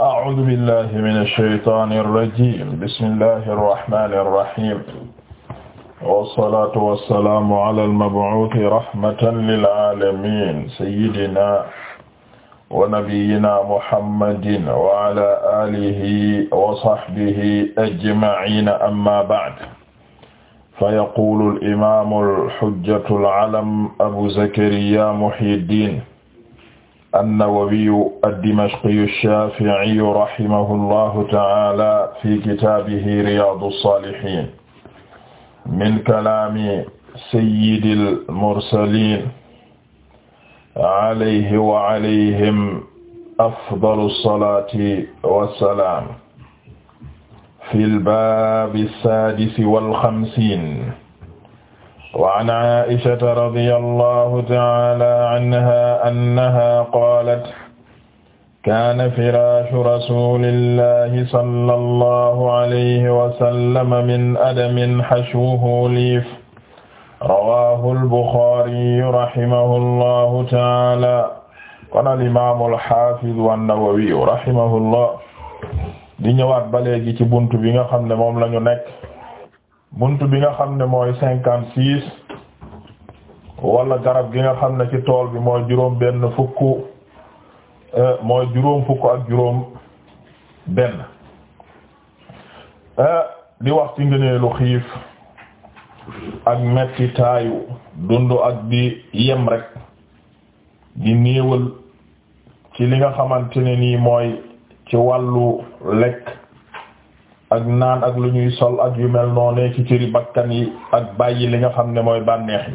أعوذ بالله من الشيطان الرجيم بسم الله الرحمن الرحيم والصلاة والسلام على المبعوث رحمة للعالمين سيدنا ونبينا محمد وعلى آله وصحبه أجمعين أما بعد فيقول الإمام الحجة العلم أبو زكريا محي الدين an-Nawawiyu ad-Dimashqiyu ash-Shafi'iyu rahimahullahu ta'ala fi kitaabihi Riyâdous-Sâlihîne min kalaami sayyidil mursaliin alayhi wa alayhim afdalus salaati wassalaam fil baabi as-saadisi wal khamsiin وعن عائشة رضي الله تعالى عنها أنها قالت كان فراش رسول الله صلى الله عليه وسلم من أدم حشوه ليف رواه البخاري رحمه الله تعالى قال الإمام الحافظ النووي رحمه الله di ñëwaat ba léegi ci bunt bi nga xam ne moom lañu nekk buntu bi nga xam ne mooy cinquante six wala garab gi nga xam ne ci tool bi mooy juróom benn fukk eh, mooy juróom fukk ak juróom benn eh, di wax ci ngëneelu xiif ak metti taayu dund ak bi yem rek di néewal ci li nga xamante ne nii mooy ci wàllu lekk ak naan ak lu ñuy sol ak yu mel noonee ci cëri bakkan yi ak bàyyi li nga xam ne mooy bànneex yi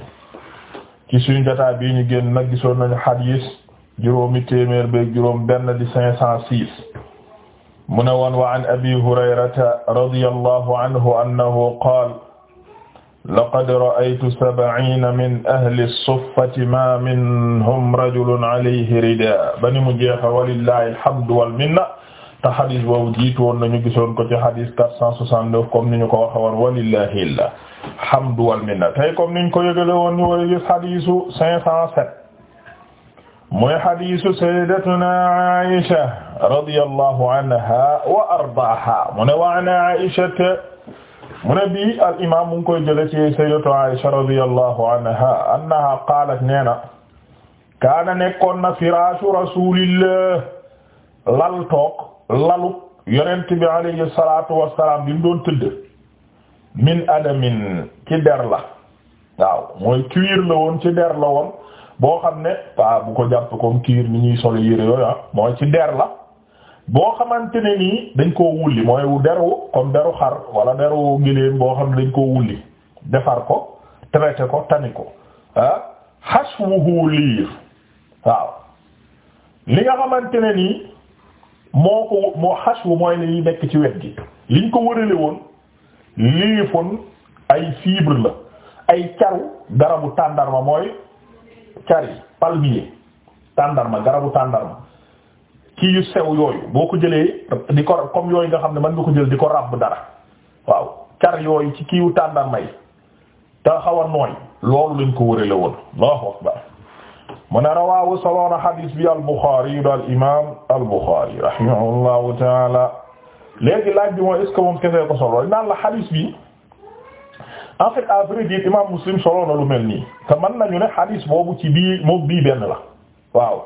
ci suñu jotaay bii ñu génn nag gisoon nañu xadiis juróomi téeméer beeg juróom benn di cinq cent six mu ne woon wa an abi hurayrata radiyallahu anhu annahu qaal laqad ra'aytu sab'iina min ahli as-suffati ma minhum rajulun alayhi ridaa bani mu jeexa walillahi alhamdu wal minna te xadis boobu jiitu woon nañu gisoon ko ci xadis 469 comme ni ñu ko waxe woon walillahi alhamdu wal minna tey comme niñ ko yëgale woon ñu war a gis xadisu 507 mooy xadisu sayyidatuna Aisha anha wa ardaaha mu ne wa mu ne al imam mu ngi koy jële ci sayyidatu Aisha radiyallahu anha annaha kaana nekkoon na firaashu rasulillah lal lalu yonent bi alayhi salaatu wassalaam bi mu doon tëdd min adamin ci der la waaw mooy cuir la woon ci der la woon boo xam ne pa bu ko jàpp comme cuir ni ñuy solo yére yooyu ah mooy ci der la boo xamante ne nii dañ koo wulli mooy deru comme deru xar wala deru giléem boo xam ne dañ koo wulli defar ko traité ko tani ko ah xas wu liir waaw li nga xamante nii moo ko moo xaswu mooy ne yi nekk ci wet gi liñ ko wërale woon léefon ay fibre la ay caru garabu tàndarma mooy car yi palmier tàndarma garabu tàndarma kii yu sew yooyu boo ko jëlee di ko comme yooyu nga xam ne mën nga ko jël di ko ràbb dara waaw car yooyu ci kiiwu tàndarma yi te xaw a nooy loolu lañ ko wërale woon Allahu akbar mu ne rawaahu soloona hadis bi al-Bukhari yu daal imaam al-Bukhari rahimahullahu léegi laaj bi mooy est ce que moom kese solo naan la hadis bi en fait à vrai Muslim solo na lu mel nii te mën nañu ne hadis boobu ci bii moom bii benn la waaw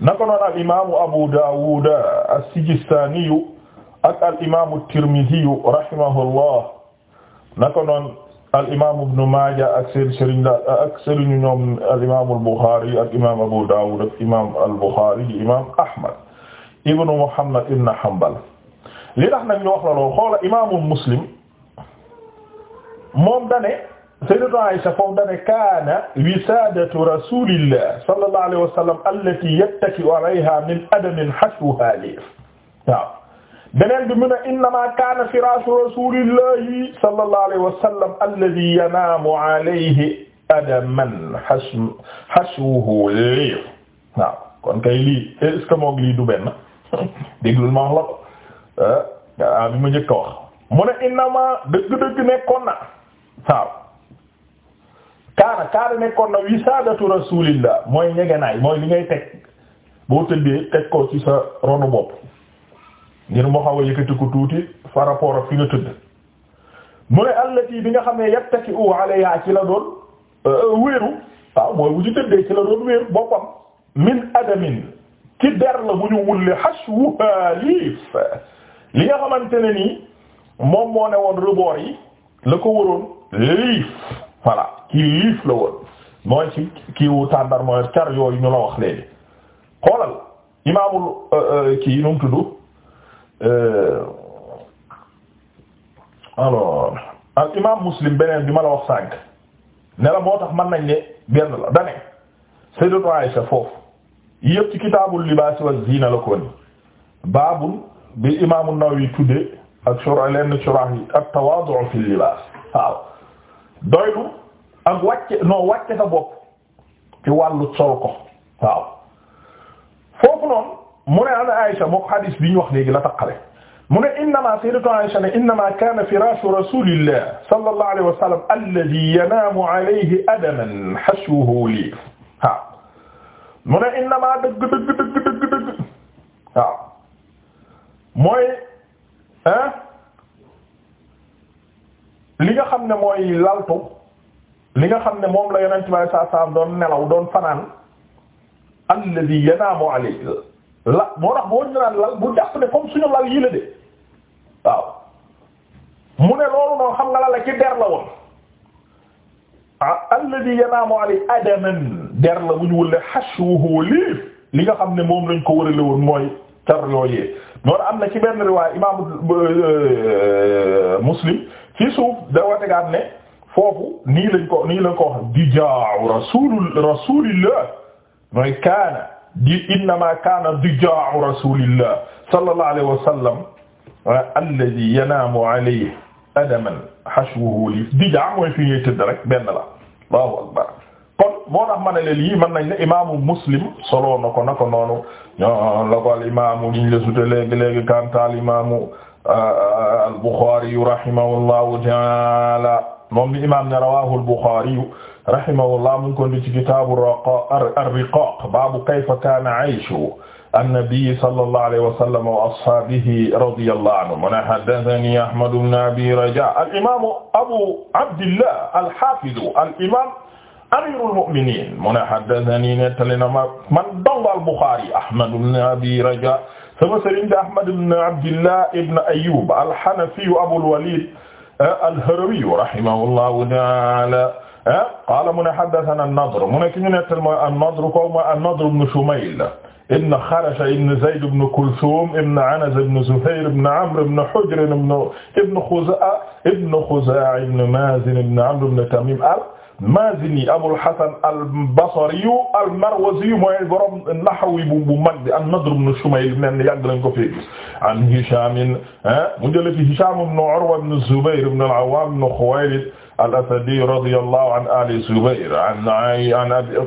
naka noonu al Abu Dawud as-Sijistani ak al imaamu Tirmidhi rahimahullah al imaam ibnu Maaja ak seen sëriñ la ak sëriñu ñoom al imaam al Buxaari ak imaam Abu Daawud ak imaam al Buxaari di imaam Ahmad ibnu Muhammad ibnu Hanbal li tax nag ñu wax la lool xoola imaamul Muslim moom dane sayyidatu Aysa foofu dane kaana wisaadatu rasuulillah sallallahu alayhi wa sallam allatii yattaki'u alayhaa min adamin hashuhaa liif waaw beneen bi mu ne kaana firaasu rasuulillahi sallallahu alayhi wa sallam alladhi yanaamu adaman hashuhu liir waaw kon kay lii est-ce que moom lii du benn déglul ma wax la ko eh, ah, bi ma njëkk wax mu ne innama dëgg-dëgg nekkoon na waaw kaana kaana nekkoon na wisaadatu rasuulillah mooy ñegenaay mooy li ngay teg boo tëddee teg ko ci sa ngir mu xaw a yëkkati ko tuuti par rapport ak fi nga tëdd mu ne allati bi nga xam ne yattaki u alayha ci la doon euh, wéeru waaw mooy bu ci tëddee ci la doon wéeru boppam min adamin ci der la bu ñu wulli hashwuha liif li nga xamante ne nii moom moo ne woon reboor yi la ko waroon liif voilà kii liif la woon mooy ci kii wu tàndar mooy car yooyu ñu la wax léegi xoolal imaamul euh, euh, kii nu mu tudd Euh, alors al imaam muslim beneen bi ma la wax sànq man la moo tax mën nañ ne benn la foofu yëpp ci kitaabul libaas wa ziina la ko baabul bi imaam an-Nawawi tudde ak shurah lenn shurah yi at-tawaadu' fil ak wàcce non wàcce sa bopp ci wàllu foofu noonu mu ne ana Aysa moo xadis bi ñu wax léegi la taqale mu ne innama sayyidatu Aysa ne innama kaana firaashu rasuulillah sallallahu alayhi wa sallam alladhi yanaamu alayhi adaman hashuhu liif waaw mu ne innama dëgg dëgg dëgg dëgg dëgg waaw mooy ah li nga xam ne mooy laltu li nga xam ne moom la Yonent bi sallallahu alayhi wa sallam doon nelaw doon fanaan alladhi yanaamu alayhi la moo tax boo ñu naan ne comme suñu lal yii la de waaw mu ne loolu noonu xam nga la la ci der la woon ah alladhi yanaamu alay adaman der la bu ñu wëlle hashwuhu liif li nga xam ne moom lañ ko wërale woon mooy car yooyee noonu am na ci benn riwaay imaamu euh, muslim ci suuf da wategaat ne foofu nii lañ ko nii lañ ko wax dijaa rasul kaana di innama kaana dijaa'u rasulillah sallallahu alayhi wa sallam alladhi yanaamu alayhi adaman hashwuhu li dijaa mooy fi ngay tëdd rek benn la Allahu akbar kon moo tax ma ne leen yii mën nañ ne imaamu muslim solo na ko na ko noonu ñoo la ko al imaamu liñ la sute léegi léegi kantaal imaamu al Bukhari rahimahullahu ta'ala moom ni imaam ne rawahu al Bukhari rahimahullah mu ngi ko ndi ci kitaabu ar-riqaaq baabu kayfa kaana ayshu an-nabi sallallahu alayhi wa sallam wa ashaabihi radiyallahu anhum mu ne haddathanii Ahmad ibn Abi Rajaa al-imaam Abu Abdillah al-haafiz al-imaam amiirul mu'miniin mu ne haddathanii nettali na ma man dong al-Buxaari Ahmad ibn Abi Rajaa sama sëriñ di Ahmad ibn Abdillah ibn Ayyuub al-Hanafi Abul Waliid eh, al-Harawi rahimahullahu ta'aala ah qaala mu ne haddathana an-Nadr mu ne ki ñu nettal mooy an-Nadr ko mooy an-Nadr ibn Shumayl ibn Kharasha ibn Zayd ibn Kulthum ibn Anas ibn Zuhayr ibn Amr ibn Hujr ibn Khuza'a ibn Khuza'a ibn Mazin ibn Amr ibn Tamim al-Mazini Abul Hasan al-Basri al-Marwazi mooy borom nahwi bu bu mag bi an-Nadr ibn Shumayl nen yàgg lañ ko fee gis an Hisham eh? mu jëlee fi Hisham ibn Urwa ibn Zubayr ibn al-Awwam ibn Khuwaylid al-Asadi radiyallahu an ali Zubayr an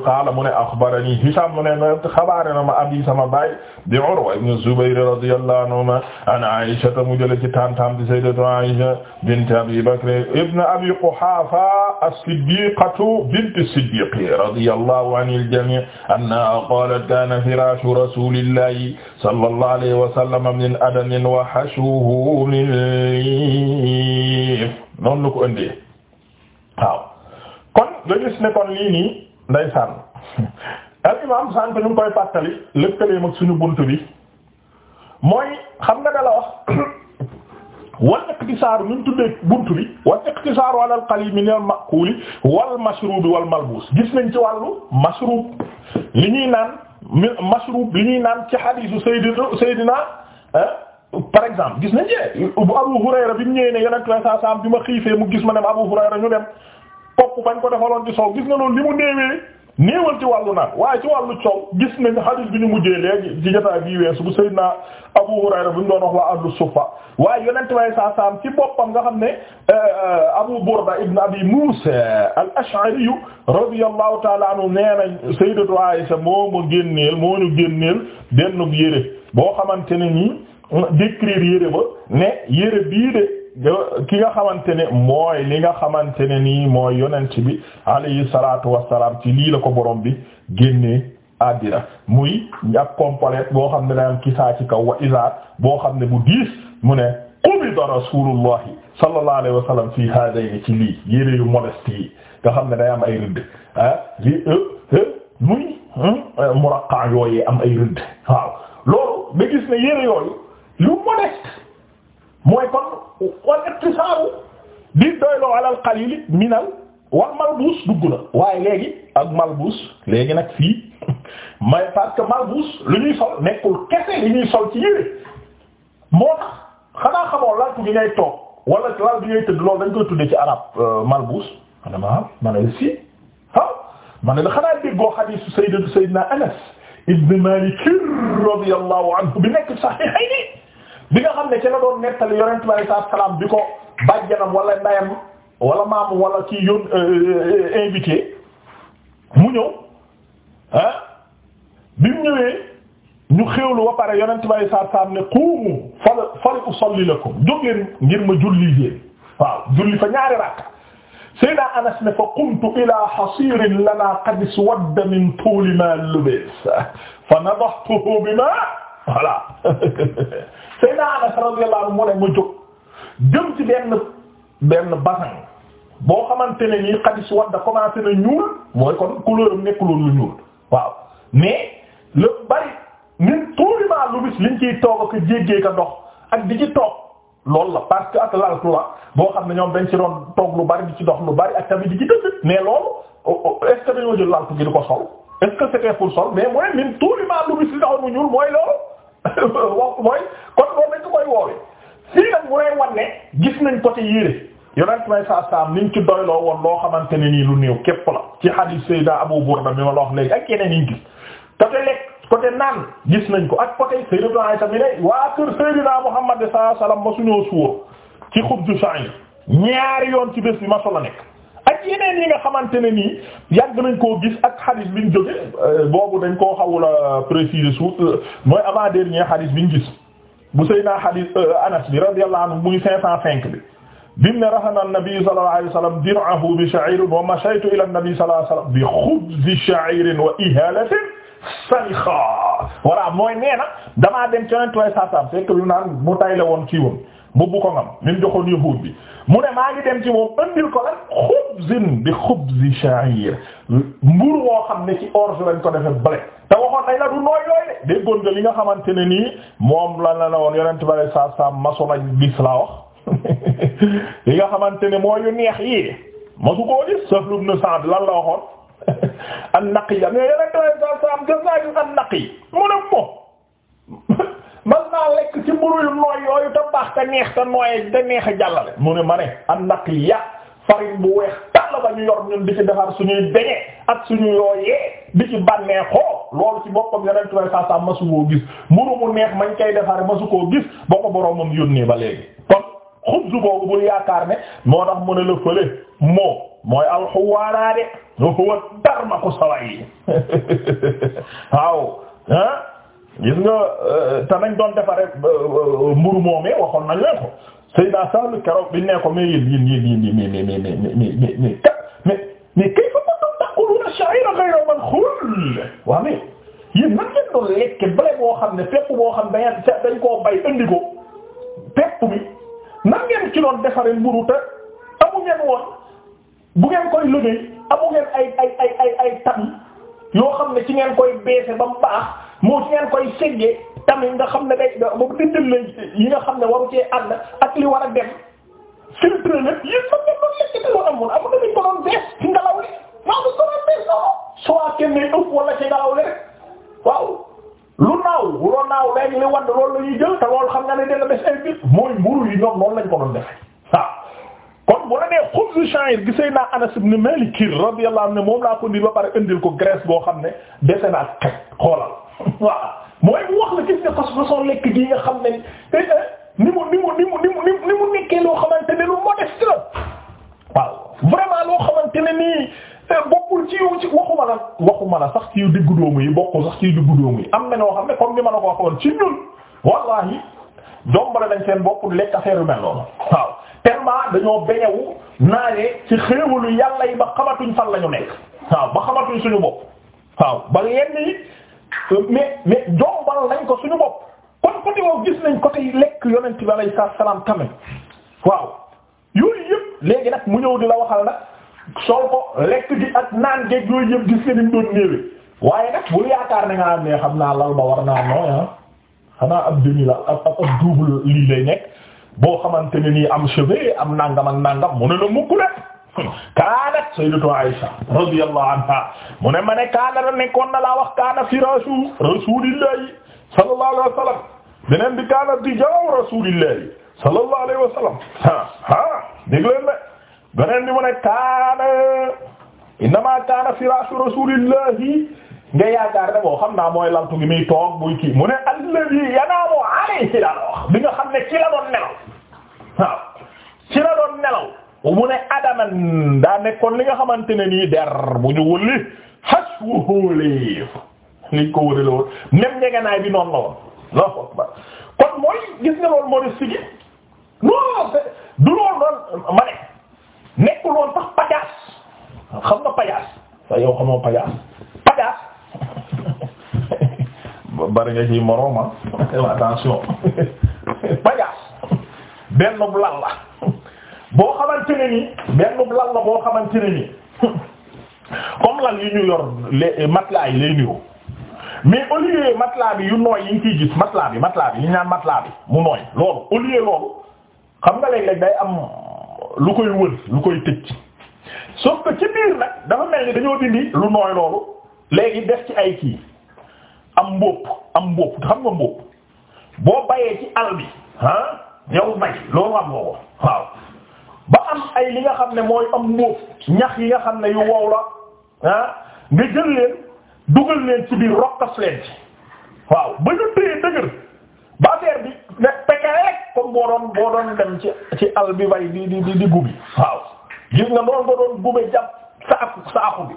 qaala mu ne axbarani Hicham mu ne xabaare na ma abi sama baay di Urwa ibn Zubayr radiyallahu anhuma an Aisha mu jële ci tantam di sayyidatu Aisha bint Abi Bakr ibn Abi Quhaafa as-Siddiqatu bint as-Siddiq radiyallahu anil jamii' annahaa qaalat kaana firaashu rasuulillahi sallallahu alayhi wa sallam min adamin wa hashwuhu min liif noonu la ko ëndee waaw kon nga gis ne kon lii nii ndeysaan al imam sànk ñu ngi koy fàttali lëkkaleem ak suñu bunt bi mooy xam nga dala wax wal iqtisaaru ñu tuddee bunt bi wal iqtisaaru ala al qalil min al maquli wal mashrubi wal malbus gis nañ ci wàllu mashrub li ñuy naan mashrub li ñuy naan ci hadiisu sayyidina sayyidina ah, par exemple gis nañ jee bu Abu Hurayra bi mu ñëwee ne yonent la saa saam bi ma xiifee mu gis ma ne ma Abu Hurayra ñu dem kopp bañ ko defaloon ci soow gis nga loolu li mu néewee néewal ci wàllu naan waaye ci wàllu coow gis nañ hadith bi ñu mujjee léegi ci jotaay bii weesu bu Seydina Abu Hurayra bi mu doon wax waa ahlu suffa waaye yonent la saa saam ci boppam nga xam ne euh, Abu Burda ibn Abi Musa al-Ash'ari radiyallahu ta'ala anhu nee nañ Sayyidatu Aisha moo ma génneel moo ñu boo xamante ne nii décrire yére ba ne yére bii ki nga xamante ne mooy li nga xamante ne nii mooy yonent bi alayhi salaatu wassalaam ci lii la ko borom bi génnee àddina muy ak complet boo xam ne day am kisaa ci kaw wa isaar boo xam ne bu diis mu ne qubida rasulullahi sallallahu alayhi wa sallam fii hadayni ci lii yére yu modeste yi nga xam ne day am ay rëdd ah lii eh, eh, muy hmm, muraqa yooyee am ay rëdd waaw loolu nga gis ne yére yooyu lu modeste mooy kon wal iktisaaru di doyloo alal qalil minal wal malbuus dugg na waaye léegi ak malbuus léegi nag fii may parce malbuus lu ñuy sol nekkul kese li ñuy sol ci yére moo tax xanaa xamoo laltu bi ngay toog wala ci arab euh, malbuus ma ne ma ma ne la si ah ma ne la xanaa déggoo hadiisu Anas ibn Maalik radiyallahu anhu bi nekk saxiixayni bi nga xam ne ci la doon nettali yonent bi alayhi salaam bi ko bàjjanam wala ndayam wala maamu wala kii yoon euh, euh, invité mu ñëw ah bi mu ñëwee ñu xéwlu ba pare yonent bi alayhi salaam ne quumu fal fal usalli lakum jóg leen ngir ma julli leen waaw julli fa ñaari rakka Seydina Anas ne fa qumtu ila hasirin lana qad iswadda min tuuli ma lubis fa nadahtuhu bima voilà Seydina Anas radiyallahu anhu mu ne mu jóg jëm ci benn benn basan boo xamante ne nii xadis wadda commencé na ñuul mooy kon couleur am nekkuloon lu ñuul waaw mais lu bari ñun tuuriment lu bis liñ ciy dox ak di ci toog loolu la parce que ak lal tuwa boo xam ne ñoom dañ ci doon toog lu bari di ci dox lu bari ak tamit di ci dëkk mais loolu est-ce que dañoo jël laltu gi di ko sol est-ce que c'était pour sol mais mooy min tuuriment lu bis li taxoon mu mooy kon loolu dañ ko koy woowee fii nag mu lay wan gis nañ côté yére yonent may saa saam niñ ci doyloo woon loo xamante ne nii lu néew képp la ci hadith Sayyida Abu Burda mi ma la wax léegi ak yeneen yi ñu gis côté lekk côté naan gis nañ ko ak côté Sayyidatu Aisha mi ne waa kër Sayyidina ma suñoo suur ci xubju sha'ir ñaari yoon ci bés mi ma solo ak yeneen yi nga xamante ne nii yàgg nañ koo gis ak xadis bi ñu euh, boobu dañ koo xawula préciser suuf euh, mooy avant dernier xadis bi ñu gis bu sëy naa xadis euh, Anas bi radiyallahu anhu muy cinq cent cinq bi bim ne rahana an-nabi sallallahu alayhi wa sallam dir'ahu bi sha'irin wa mashaytu ila an-nabi sallallahu alayhi wa sallam bi khubzi sha'irin wa ihalatin salikha voilà mooy nee na damaa dem ci yonent way sasam fekk bi mu naan mu tay woon kii mbubb ko ngam ni mu joxoon yahuud bi mu ne maa ngi dem ci moom andil ko lan xubzin bi xubzi sha'ir mburu woo xam ne ci orge lañ ko defe blé te waxoon nañ la du nooy yooyu de déggoon nga li nga xamante ne nii moom lan la la woon yonent bale saa saa masu lañ gis laa wax li nga xamante ne mooy yu neex yi masu koo gis Sahl ibn Sa'd lan la waxoon an naqi ya mais yonent mu moom man naa lekk ci mburu yu nooy yooyu te baax te neex te nooyee te neex a jàllale mu ne ma ne an naqiya farine bu weex tàll ba ñu yor ñun di ci defar suñuy beñe ak suñu yooyee di ci bànneexoo loolu ci boppam yeneen tubaab saa saa masu koo gis mburu mu neex mañ koy defaree masu koo gis boo ko boromam yónnee ba léegi. kon xubzu boobu bul yaakaar ne moo tax mu ne la fële moo mooy alxuwaaraade huwa darmaku saway waaw ah. gis nga euh, te nañ doon defaree euh, euh, mburu moomee waxoon nañ leen ko Seydina Sall keroog biñ ne ko mais yéen yéen yéen yéen mais mais mais mais mais mais mais mais kayfa kuntum ta'kuluuna ash-sha'ira ghayra manxuul waaw mais yéen nan ngeen lekke blé boo xam ne pepp boo xam dañ dañ koo bay indi ko pepp bi nan ngeen ci doon defaree mburu te amu ngeen woon bu ngeen koy liggéey amu ngeen ay ay yoo xam ne ci ngeen koy beese ba mu moo ci ngeen koy seggee tamit nga xam ne day boobu dindal la yi nga xam ne waru cee ànd ak li war a dem filtre lépp yéen fa ngeen doon lekk te loo amoon amul dañu ko doon bees ci ngelaw li waaw dañu ko doon bees non soit kenn day ëpp wala ci ngelaw li rek waaw lu naaw bu doon naaw léegi li la ñuy jël te loolu xam nga ne dina bes ay biir mooy mburu yi ñoom noonu lañ ko kon bu la nee xubz sha'ir na sëy naa Anas ibn Malik radiyallahu anhu moom laa ko ndil ba par indil ko graisse boo xam ne dese naa teg xoolal waaw mooy mu wax la gis nga façon façon lekk gi nga xam ne eh, eh, ni mu ni mu ni mu ni mu xamante ne lu modeste la waaw vraiment loo xamante ne eh, bokkul ci yow ci waxuma la waxuma la sax ci yu diggu doomu yi bokkul sax ci yu diggu doomu yi am na ñoo xam ne comme ni ma la ko waxoon ci ñun wallahi dombale nañ seen bopp lekk affaire yu mel noonu waaw. tellement dañoo beñewu naanee ci xéewalu yàlla yi ba xamatuñ fan lañu ñu nekk waaw ba xamatuñ suñu bopp waaw ba yenn yi mais mais jombal nañ ko suñu bopp kon côté wow gis nañ côté lekk yonent bi alayhi salaam tamit waaw yooyu nag mu ñëw di la waxal waaye nag bul yaakaar ne nga am ne xam naa lal ma war naa nooy ah xanaa ab demi la ab ab double lii lay nekk boo xamante ne nii am chevet am nangam ak nangam mu ne la mukk la kaanat sayyidatu Aisha radiyallahu anha mu ne ma ne kaana la nekkoon na laa wax kaana firaasu rasuulillahi sallallahu alayhi wa sallam beneen bi kaana dijaaw rasuulillahi sallallahu alayhi wa sallam ah ah dégg leen ne beneen bi mu ne kaana innamaa kaana firaasu rasuulillahi nga yaakaar ne xam naa mooy lantu gi muy toog buy kii mu ne allazi yanaamu alayhi la wax bi nga xam ne ci la doon nelaw waaw ci la doon nelaw mu ne adaman daa nekkoon li nga xamante ne nii der bu ñu wulli haswuhu liif liñ ko wërale woon même ñegenaay bi noonu la woon kon mooy gis nga moo def si gi non du loolu noonu ma ne nekkul woon sax pajaas xam na pajaas sa yow xamoo pajaas pajaas bari nga ci morooma attention bagaas benn bu lal la boo xamante ne ni benn bu lal la boo xamante ne ni comme lal yu ñu yor les matelas yi lay niru mais au lieu matelas bi yu nooy yi nga ciy gis matelas bi matelas bi yi mu nooy loolu au loolu xam nga léeg-léeg day am lu koy wër lu koy tëj sauf que ci dafa mel ni dañoo dindi lu nooy loolu léegi def ci ay kii am mbóob am mbóob xam nga mbóob boo bayee ci àll bi ah yow bay loolu am nga ko waaw ba am ay li nga xam ne mooy am mbóob ñax yi nga xam ne yu wow la ah nga jël leen dugal leen ci biir rokkas leen ci waaw ba ñu téye dëgër ba affaire bi ne peke rek comme boo doon boo doon dem ci ci àll bi bay di di di di gubi waaw gis nga noonu nga doon gube jàpp saaku saaku bi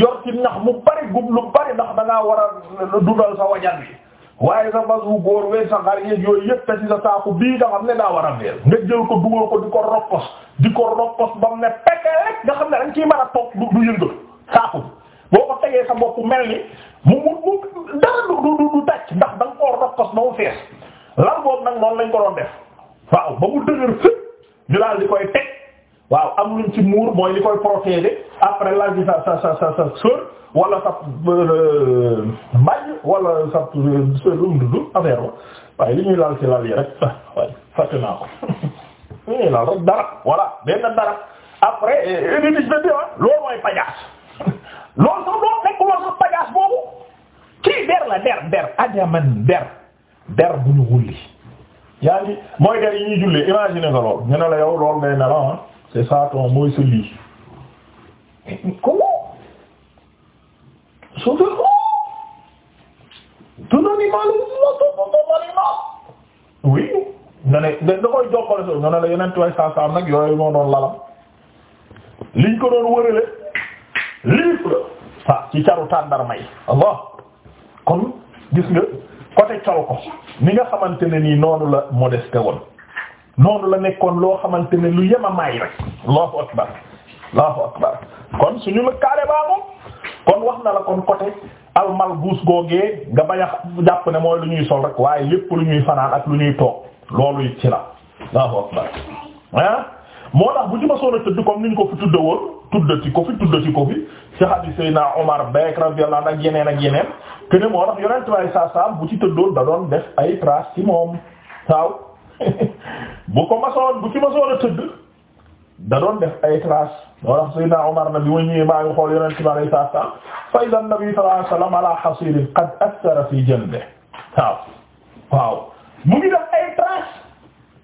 yor ci ñax mu bari gub lu bari ndax da ngaa war a dundal sa wajan bi waaye sa fas wu góor wee sa xar yeeg yooyu yëpp te sa saaku bii nga xam ne naa war a weer nga jël ko dugal ko di ko rokkos di ko rokkos ba mu ne peke rek nga xam ne dañ ciy mën a toog du du yëngal saaku boo ko tegee sa bopp mel ni mu mu dara du du du daj ndax da nga koo rokkos ba mu fees lan boobu nag noonu lañ ko doon def waaw ba mu dëgër fii daal di koy teg. waaw am luñ ci muur mooy li koy protéger après la gi sa sa sa sa sa sër wala sa euh, mbaj wala sa sërumdudu euh, affaire ba waaye li ñuy laal si lal yi rek ah, waay fàtte naa ko li ñuy laal rek dara voilà benn dara après édénis da déwa loolu mooy pajaas loolu sax loolu nekk loolu sax pajaas boobu kii der la der der ajaman der der bu ñu wulli yaa ngi mooy der yi ñuy jullee imagine nga lool ñu ne la yow loolu ngay nelaw c'est ça ton mooy sa lii comment sauve tout l'animal oui nga ne da koy jokkale so nga ne la yeneen way saasaam nag yooyu moo doon lalam liñ ko doon wërale livre ah ci caru tàndar may kon gis nga côté caw ko ni nga xamante ne noonu la modeste woon noonu la nekkoon loo xamante ne lu yem a maay rek allahu akbar allahu akbar kon suñu la kaare baa moom kon wax na la kon côté almalbuus googee nga bañ a jàpp ne mooy lu ñuy sol rek waaye lépp lu ñuy fanaan ak lu ñuy toog loolu it ci la allahu akbar ah moo tax bu ci ma tëdd comme niñ ko fi tudda woon tuddati ko fi tuddati ko fi ci hadith sayna Omar beek radiyallahu anhu ak yeneen ak yeneen que ne moo tax yonent bi saa bu ci tëddoon da doon def ay traces ci moom bu ko masoon bu ci masoon a tëdd da doon def ay traces moo tax Seydina Omar na bi ma ñëwee maa ngi xool Yonent bi alayhi salaatu wa salaam fa iza Nabi sallallahu alayhi wa sallam ala hasirin qad athara fi janbihi waaw waaw mu ngi def ay traces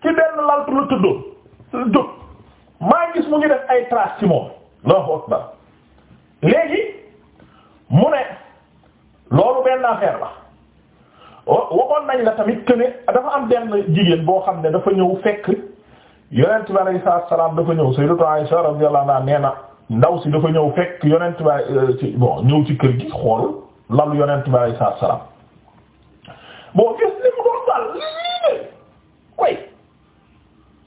ci benn laltu la tëddoon jóg maa gis mu ngi def ay traces ci moom Allahu akbar léegi mu ne loolu benn affaire la waxoon nañ la tamit que ne dafa am benn jigéen boo xam ne dafa ñëw fekk yonent bi alayhi salaatu salaam dafa ñëw sayyidatu Aisha radiyallahu anha nee ndaw si dafa ñëw fekk yonent bi euh, ci bon ñëw ci kër salaam bon gis ni mu doon daal koy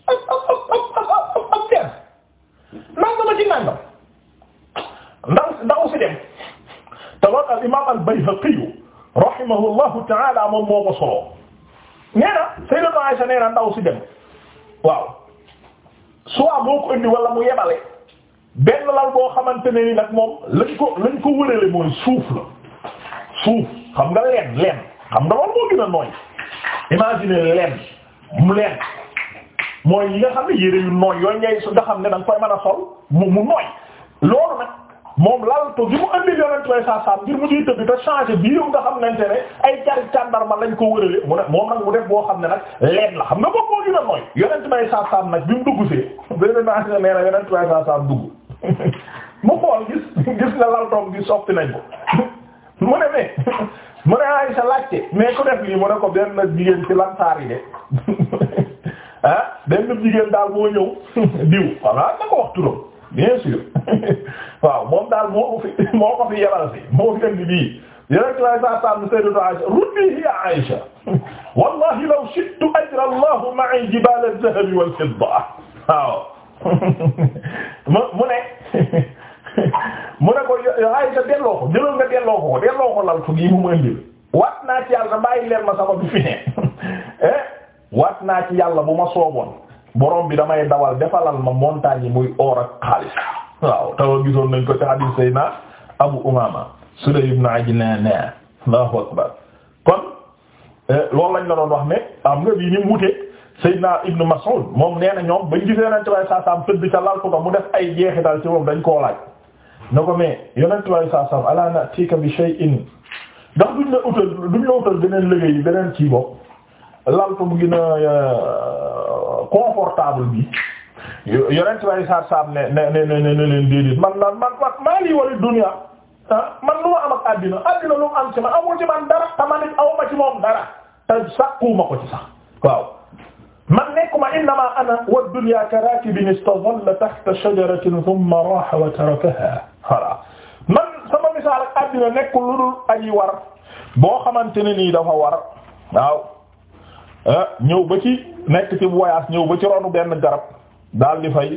ab ab ab ab ab ab teen nangama ci nangam ndaw ndaw si dem rahimahullahu ta'ala moom moo ko solo nee na Sayyidatu Aisha nee na ndaw si dem waaw soit moo ko indi wala mu yebale benn lal boo xamante ne ni nag moom lañ ko lañ ko wërale mooy suuf la suuf xam nga leen leen xam nga loolu moo gën a nooy imagine leen mu leen mooy yi nga xam ne yére yu nooy yooyu ngay su nga xam ne da nga koy mën a sol mu mu nooy loolu moom laltu bi mu andi yonent way saa saa ngir mu ciy tëbbi te changé bii nga xamante ne ay cari càndarma lañ ko wërale mu ne moom nag mu def boo xam ne nag leen la xam nga moom moo sa a nooy yonent may saa saa nag bi mu dugg see benn naa ne nee na yonent way saa saa dugg mu xool gis gis na laltoom gi soppi nañ ko mu ne mais mu ne Aysa laajte mais ku def lii mu ne ko benn jigéen ci lansaar yi de ah benn jigéen daal moo ñëw diw xanaa na ko wax bien sûr waaw moom daal moo ko fi moo ko fi yebal si moo fi indi bii yeneen ci laay saa saa mu Sayyidatu Aïcha ruddihi ya Aïcha wallahi law shi'tu ajra Allahu ma'i jibal adh-dhahab wal fidda waaw mu ne mu ne ko Aïcha delloo ko jëloon nga delloo ko ko delloo ko lal fu gi mu indi waat naa ci yàlla bàyyi leen ma sama bi fi ne eh waat naa ci yàlla bu ma sooboon borom bi damay dawal defalal ma montagne yi muy or ak xaalis waaw tawa gisoon nañ ko ci hadith sayna Abu Umama Sulay ibn Ajlan a akbar kon eh, loolu lañ la doon wax ne am nga bii ni mu wute Seydina Ibn Mas'ud moom nee na ñoom bañ gisee Yonent bi saa saam tëdd ca lal ko mu def ay jeexital ci moom dañ koo laaj ne ko mais Yonent bi saa saam ala na'tika bi shay'in ndax duñ la utal duñ la utal beneen liggéey beneen kii bopp lal ko mu gën confortable bi yonent way sar sam ne ne ne ne leen déedéet man naan man man maa lii wala dunya ah, man lu ma am ak àddina àddina lu mu am ci man amul ci man dara te man it aw ma ci moom dara te sakkuuma ko ci sax waaw man nekkuma innama ana wa dunya ka rakibin istadalla tahta shajaratin thumma raha wa tarakaha voilà man sama misaal ak àddina nekkul lu dul aji war boo xamante ne nii dafa war waaw Ah, ñëw ba ci nekk ci voyage ñëw ba ci ronu benn garab daal di fay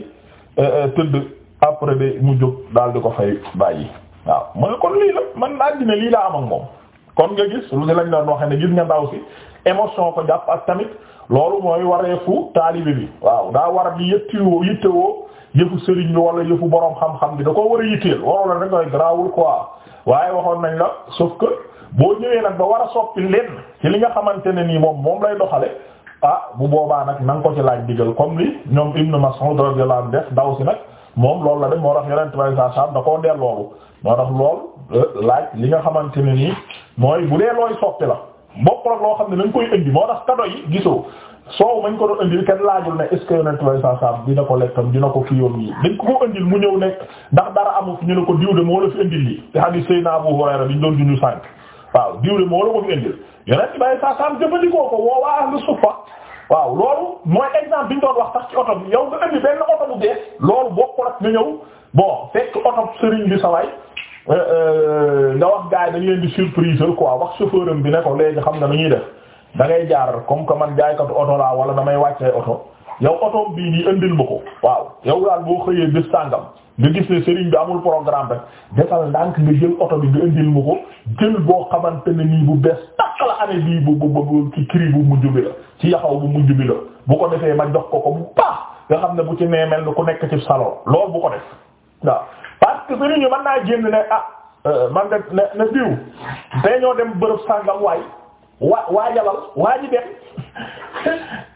eh, eh, tëdd après de mu jóg daal di ko fay bàyyi waaw mu ne kon lii la man àddina lii laa am ak moom kon nga gis lu ne lañ doon waxee ne gis nga ndaw si émotion ko jàpp ak tamit loolu mooy wareefu taalibe bi waaw daa war a di yëttiwoo yittewoo yëfu sëriñ bi wala yëfu borom xam-xam bi da koo war a yitteel waroo la rek ngay garaawul waaye waxoon nañ la sauf que. boo ñëwee nag ba war a soppi lenn ci li nga xamante ne nii moom moom lay doxale ah bu boobaa nag na nga ko ci laaj digal comme li ñoom Ibn Mas'ud radiyallahu anhu def daw si nag moom loolu la dem moo tax yeneen tubaab saa saam da koo delloo moo tax lool euh, li nga xamante ne nii mooy bu dee looy la bokkul ak loo xam ne dañ koy indi moo tax kado yi gisoo soow ko doon indil kenn laajul ne est ce que yeneen tubaab saa saam dina ko lekkam yoon yi dañ ko ñu ko diw de moo la fi indil ñu doon waaw diwle moo la ko fi indil yonent bay saa saam jëfandikoo ko woo waa ahlu suffa waaw loolu mooy exemple bi wax sax ci oto bi yow nga loolu bokkul ak ñëw bon fekk oto bi saway euh, euh, nga wax gars yi dañ leen di surprise quoi wax chauffeur am bi ne ko léegi xam nga dañuy ñuy def da ngay jaar comme que man jaaykatu oto laa wala damay wàccee oto yow oto bii nii indil ma ko waaw yow daal boo xëyee bés sàngam nga gis ne sëriñ bi amul programme rek defal ndànk nga jël oto bi nga indil mu ko jël boo xamante ne nii bu bees takk la année bii bu bu bu ci bu mujj bi la ci yaxaw bu mujj bi la bu ko defee ma jox ko ko bu baax nga xam ne bu ci nee mel ni ku nekk ci salon loolu bu ko def waaw parce que sëriñ naa génn ne ah euh, man de ne ne diw tey ñoo dem bërëb sàngam waay waa waajalal waa ji dem.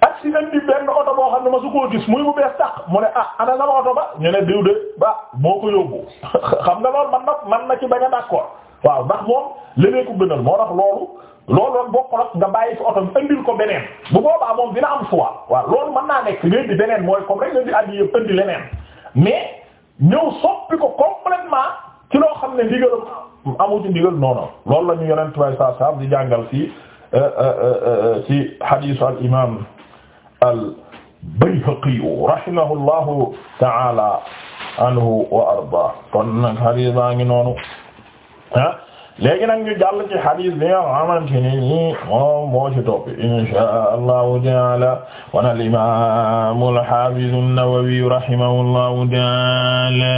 ak si nañ bi benn oto boo xam ne ma su koo gis muy bu bees tax mu ne ah ana sama oto ba ñu ne diw de ba moo ko yóbbu xam nga loolu man na man na ci bañ a d'accord waaw ndax moom leneen ko gënal moo tax loolu loolu loolu bokkul ak nga bàyyi fi oto bi andil ko beneen bu boobaa moom dina am foi waaw loolu mën naa nekk léegi beneen mooy comme rek nga di addi yëpp andi leneen mais ñëw soppi ko complètement ci loo xam ne ndigal amu ci ndigal non non loolu la ñu yonent way sa Euh, euh, euh, ci hadiisu al imaam al Bayhaqi rahimahullahu ta'ala anhu wa arda kon nag hadiis baa ngi noonu ah léegi nag ñu jàll ci hadiis bi nga xamante ne nii moom moo ci topp inshaa Allahu ta'ala wana al imaam al haafiz an-Nawawi rahimahullahu ta'ala